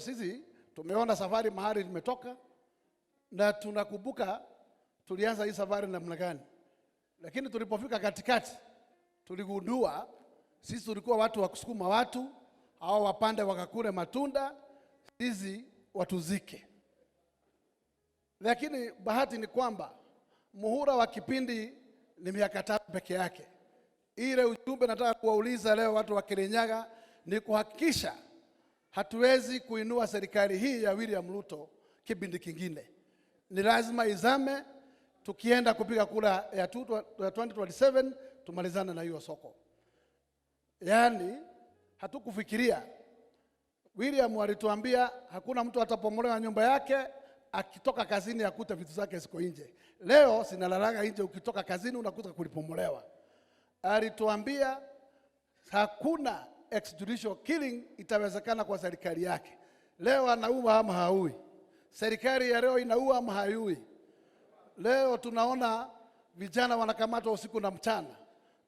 Sisi tumeona safari mahali limetoka na tunakumbuka tulianza hii safari namna gani, lakini tulipofika katikati tuligundua sisi tulikuwa watu wa kusukuma watu au wapande wakakule matunda, sisi watuzike. Lakini bahati ni kwamba muhura wa kipindi ni miaka tatu peke yake. Ile ujumbe nataka kuwauliza leo watu wa Kirinyaga ni kuhakikisha Hatuwezi kuinua serikali hii ya William Ruto kipindi kingine, ni lazima izame. Tukienda kupiga kura ya 2027 tumalizana na hiyo soko. Yaani hatukufikiria. William alituambia hakuna mtu atapomolewa nyumba yake akitoka kazini akute vitu zake ziko nje. Leo sinalalaga nje, ukitoka kazini unakuta kulipomolewa. Alituambia hakuna extrajudicial killing itawezekana kwa serikali yake. Leo anaua ama haui? Serikali ya leo inaua ama haiui? Leo tunaona vijana wanakamatwa usiku na mchana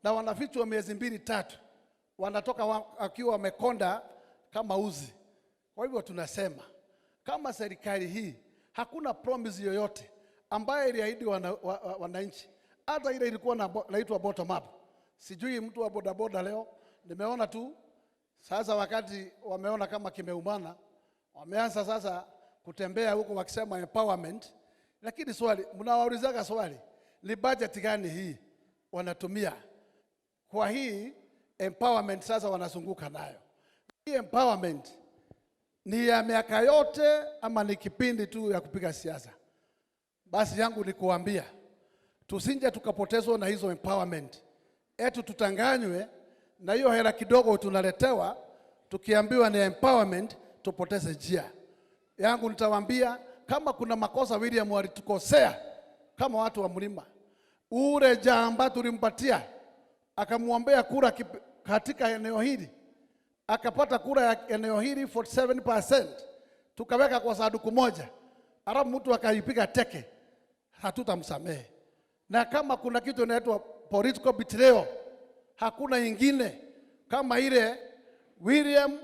na wanafichwa miezi mbili tatu, wanatoka wakiwa wamekonda kama uzi. Kwa hivyo tunasema kama serikali hii hakuna promise yoyote ambayo iliahidi wananchi hata ile ilikuwa naitwa bottom up. Sijui mtu wa bodaboda leo nimeona tu sasa wakati wameona kama kimeumana, wameanza sasa kutembea huko wakisema empowerment, lakini swali mnawaulizaga swali ni budget gani hii wanatumia kwa hii empowerment? Sasa wanazunguka nayo hii empowerment ni ya miaka yote ama ni kipindi tu ya kupiga siasa? Basi yangu ni kuambia tusinje tukapotezwa na hizo empowerment, etu tutanganywe na hiyo hela kidogo tunaletewa, tukiambiwa ni empowerment, tupoteze njia yangu. Nitawaambia kama kuna makosa William alitukosea kama watu wa mlima ule, jamba tulimpatia akamwombea kura katika eneo hili akapata kura ya eneo hili 47%, tukaweka kwa sanduku moja, alafu mtu akaipiga teke, hatutamsamehe. Na kama kuna kitu inaitwa political betrayal hakuna nyingine kama ile. William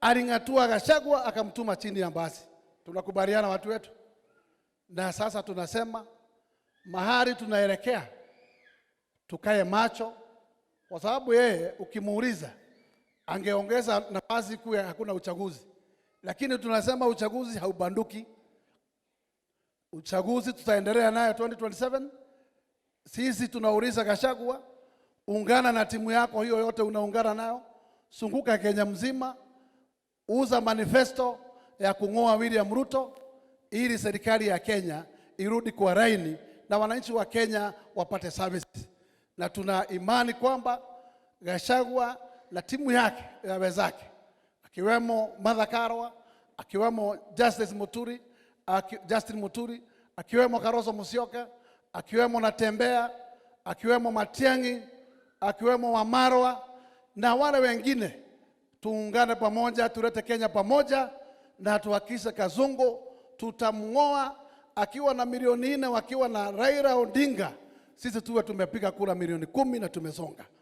aling'atua Gachagua akamtuma chini ya basi. Tunakubaliana watu wetu, na sasa tunasema mahali tunaelekea tukae macho, kwa sababu yeye ukimuuliza angeongeza nafasi kuu hakuna uchaguzi, lakini tunasema uchaguzi haubanduki. Uchaguzi tutaendelea nayo 2027. Sisi tunauliza Gachagua ungana na timu yako hiyo yote unaungana nayo, sunguka Kenya mzima, uza manifesto ya kung'oa William Ruto ili serikali ya Kenya irudi kwa raini na wananchi wa Kenya wapate service, na tuna imani kwamba Gachagua na timu yake ya wenzake akiwemo Martha Karua akiwemo Justice Muturi, aki, Justin Muturi akiwemo Kalonzo Musyoka akiwemo Natembeya akiwemo Matiang'i akiwemo Wamarwa na wale wengine. Tuungane pamoja, tulete Kenya pamoja na tuhakikishe Kazungu tutamng'oa akiwa na milioni nne wakiwa na Raila Odinga, sisi tuwe tumepiga kura milioni kumi na tumesonga.